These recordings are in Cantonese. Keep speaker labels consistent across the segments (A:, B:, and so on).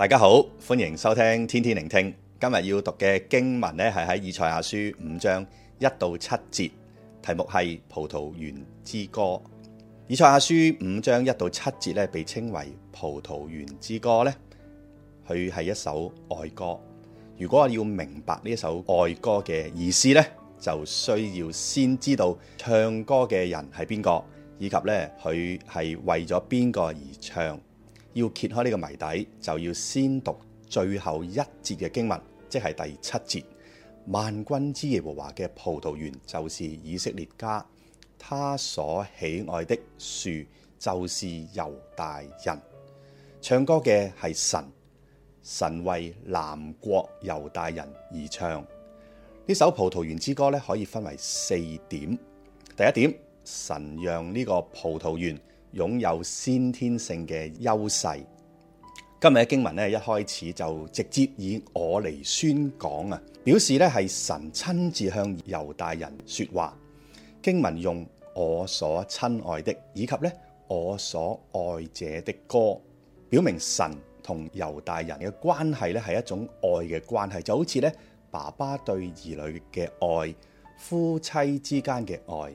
A: 大家好，歡迎收聽天天靈聽。今日要讀嘅經文咧，係喺以賽亞書五章一到七節，題目係《葡萄園之歌》。以賽亞書五章一到七節咧，被稱為《葡萄園之歌》咧，佢係一首愛歌。如果要明白呢首愛歌嘅意思咧，就需要先知道唱歌嘅人係邊個，以及咧佢係為咗邊個而唱。要揭開呢個謎底，就要先讀最後一節嘅經文，即係第七節。萬軍之耶和華嘅葡萄園就是以色列家，他所喜愛的樹就是猶大人。唱歌嘅係神，神為南國猶大人而唱。呢首葡萄園之歌咧，可以分為四點。第一點，神讓呢個葡萄園。擁有先天性嘅優勢。今日嘅經文咧，一開始就直接以我嚟宣講啊，表示咧係神親自向猶大人説話。經文用我所親愛的以及咧我所愛者的歌，表明神同猶大人嘅關係咧係一種愛嘅關係，就好似咧爸爸對兒女嘅愛、夫妻之間嘅愛。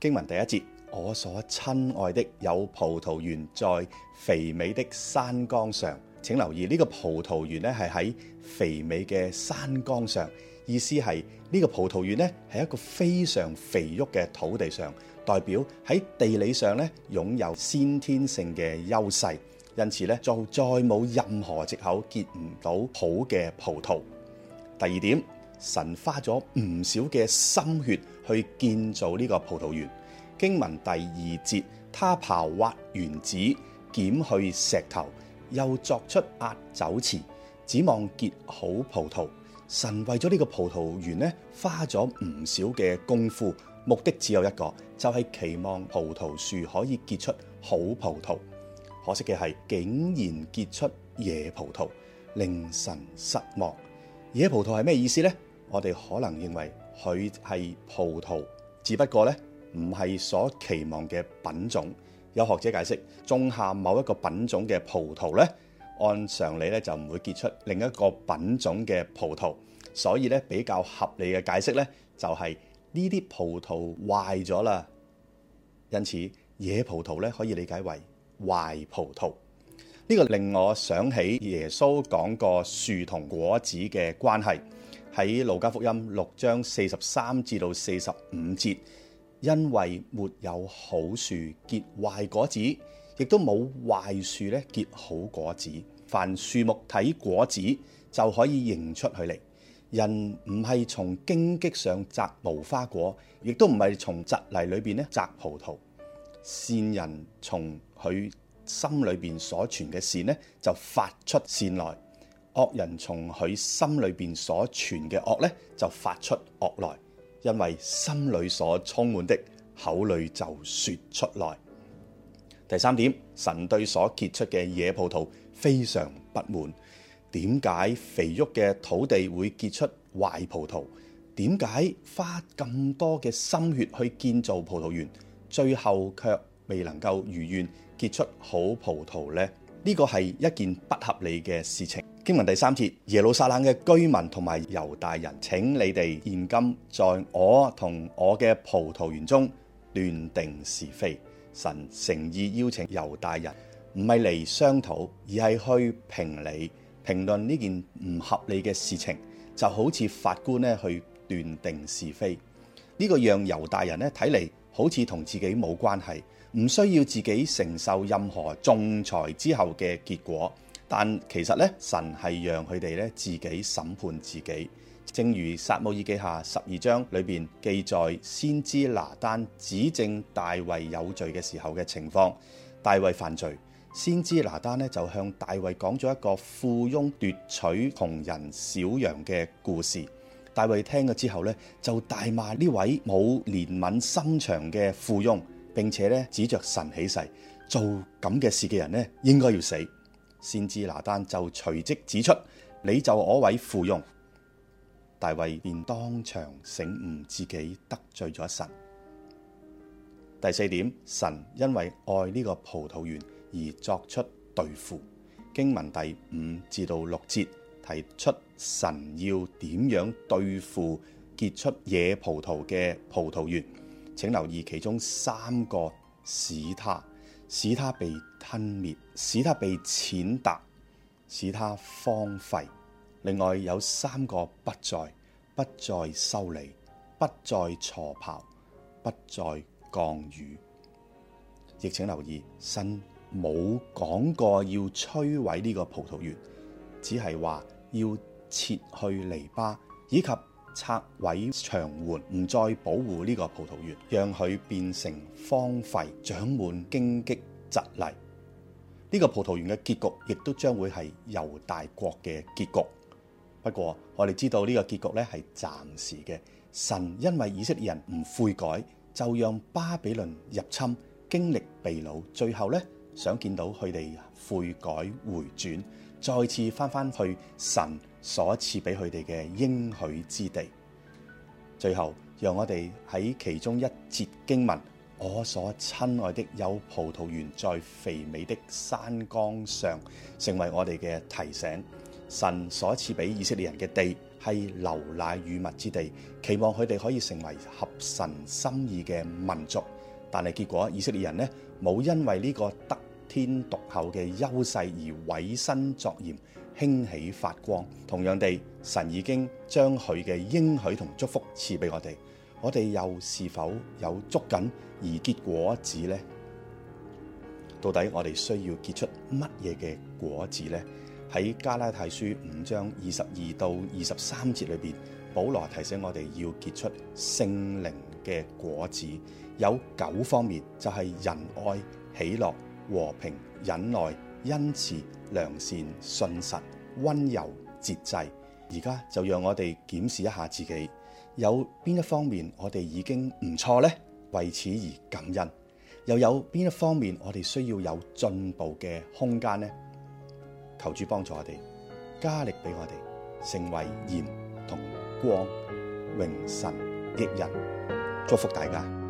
A: 經文第一節。我所親愛的，有葡萄園在肥美的山崗上。請留意呢個葡萄園咧，係喺肥美嘅山崗上，意思係呢個葡萄園咧係一個非常肥沃嘅土地上，代表喺地理上咧擁有先天性嘅優勢，因此咧就再冇任何藉口結唔到好嘅葡萄。第二點，神花咗唔少嘅心血去建造呢個葡萄園。經文第二節，他刨挖園子，撿去石頭，又鑿出壓酒池，指望結好葡萄。神為咗呢個葡萄園呢，花咗唔少嘅功夫，目的只有一個，就係、是、期望葡萄樹可以結出好葡萄。可惜嘅係，竟然結出野葡萄，令神失望。野葡萄係咩意思呢？我哋可能認為佢係葡萄，只不過呢。唔係所期望嘅品種。有學者解釋，種下某一個品種嘅葡萄呢，按常理咧就唔會結出另一個品種嘅葡萄，所以呢，比較合理嘅解釋呢，就係呢啲葡萄壞咗啦。因此野葡萄呢可以理解為壞葡萄。呢、呢個令我想起耶穌講過樹同果子嘅關係，喺路加福音六章四十三至到四十五節。因為沒有好樹結壞果子，亦都冇壞樹咧結好果子。凡樹木睇果子就可以認出佢嚟。人唔係從荊棘上摘無花果，亦都唔係從蒺藜裏邊咧摘葡萄。善人從佢心裏邊所存嘅善呢，就發出善來，惡人從佢心裏邊所存嘅惡咧就發出惡來。因為心裏所充滿的，口裏就說出來。第三點，神對所結出嘅野葡萄非常不滿。點解肥沃嘅土地會結出壞葡萄？點解花咁多嘅心血去建造葡萄園，最後卻未能夠如願結出好葡萄呢？呢個係一件不合理嘅事情。經文第三節，耶路撒冷嘅居民同埋猶大人，請你哋現今在我同我嘅葡萄園中斷定是非。神誠意邀請猶大人，唔係嚟商討，而係去評理，評論呢件唔合理嘅事情，就好似法官呢去斷定是非。呢個讓猶大人咧睇嚟好似同自己冇關係，唔需要自己承受任何仲裁之後嘅結果。但其實咧，神係讓佢哋咧自己審判自己，正如撒母耳記下十二章裏邊記載先知拿單指證大衛有罪嘅時候嘅情況。大衛犯罪，先知拿單咧就向大衛講咗一個富翁奪取窮人小羊嘅故事。大衛聽咗之後呢就大罵呢位冇憐憫心腸嘅富翁，並且咧指着神起誓：做咁嘅事嘅人咧應該要死。先知拿單就隨即指出，你就係嗰位富翁，大衛便當場醒悟自己得罪咗神。第四點，神因為愛呢個葡萄園而作出對付，經文第五至到六節提出神要點樣對付結出野葡萄嘅葡萄園，請留意其中三個使它。使他被吞滅，使他被踐踏，使他荒廢。另外有三個不再，不再修理，不再鋤刨，不再降雨。亦請留意，神冇講過要摧毀呢個葡萄園，只係話要撤去籬笆以及。拆毀牆垣，唔再保護呢個葡萄園，讓佢變成荒廢長滿荊棘蒺藜。呢、這個葡萄園嘅結局，亦都將會係猶大國嘅結局。不過我哋知道呢個結局咧係暫時嘅。神因為以色列人唔悔改，就讓巴比倫入侵，經歷被擄，最後咧想見到佢哋悔改回轉，再次返返去神所賜俾佢哋嘅應許之地，最後讓我哋喺其中一節經文：我所親愛的有葡萄園在肥美的山崗上，成為我哋嘅提醒。神所賜俾以色列人嘅地係流奶與蜜之地，期望佢哋可以成為合神心意嘅民族。但係結果，以色列人呢冇因為呢個得天獨厚嘅優勢而委身作鹽。興起發光，同樣地，神已經將佢嘅應許同祝福賜俾我哋。我哋又是否有捉緊而結果子呢？到底我哋需要結出乜嘢嘅果子呢？喺加拉太書五章二十二到二十三節裏邊，保羅提醒我哋要結出聖靈嘅果子，有九方面，就係、是、仁愛、喜樂、和平、忍耐。恩慈、良善、信實、温柔、節制，而家就讓我哋檢視一下自己，有邊一方面我哋已經唔錯咧，為此而感恩；又有邊一方面我哋需要有進步嘅空間咧，求主幫助我哋，加力俾我哋，成為鹽同光，榮神益人，祝福大家。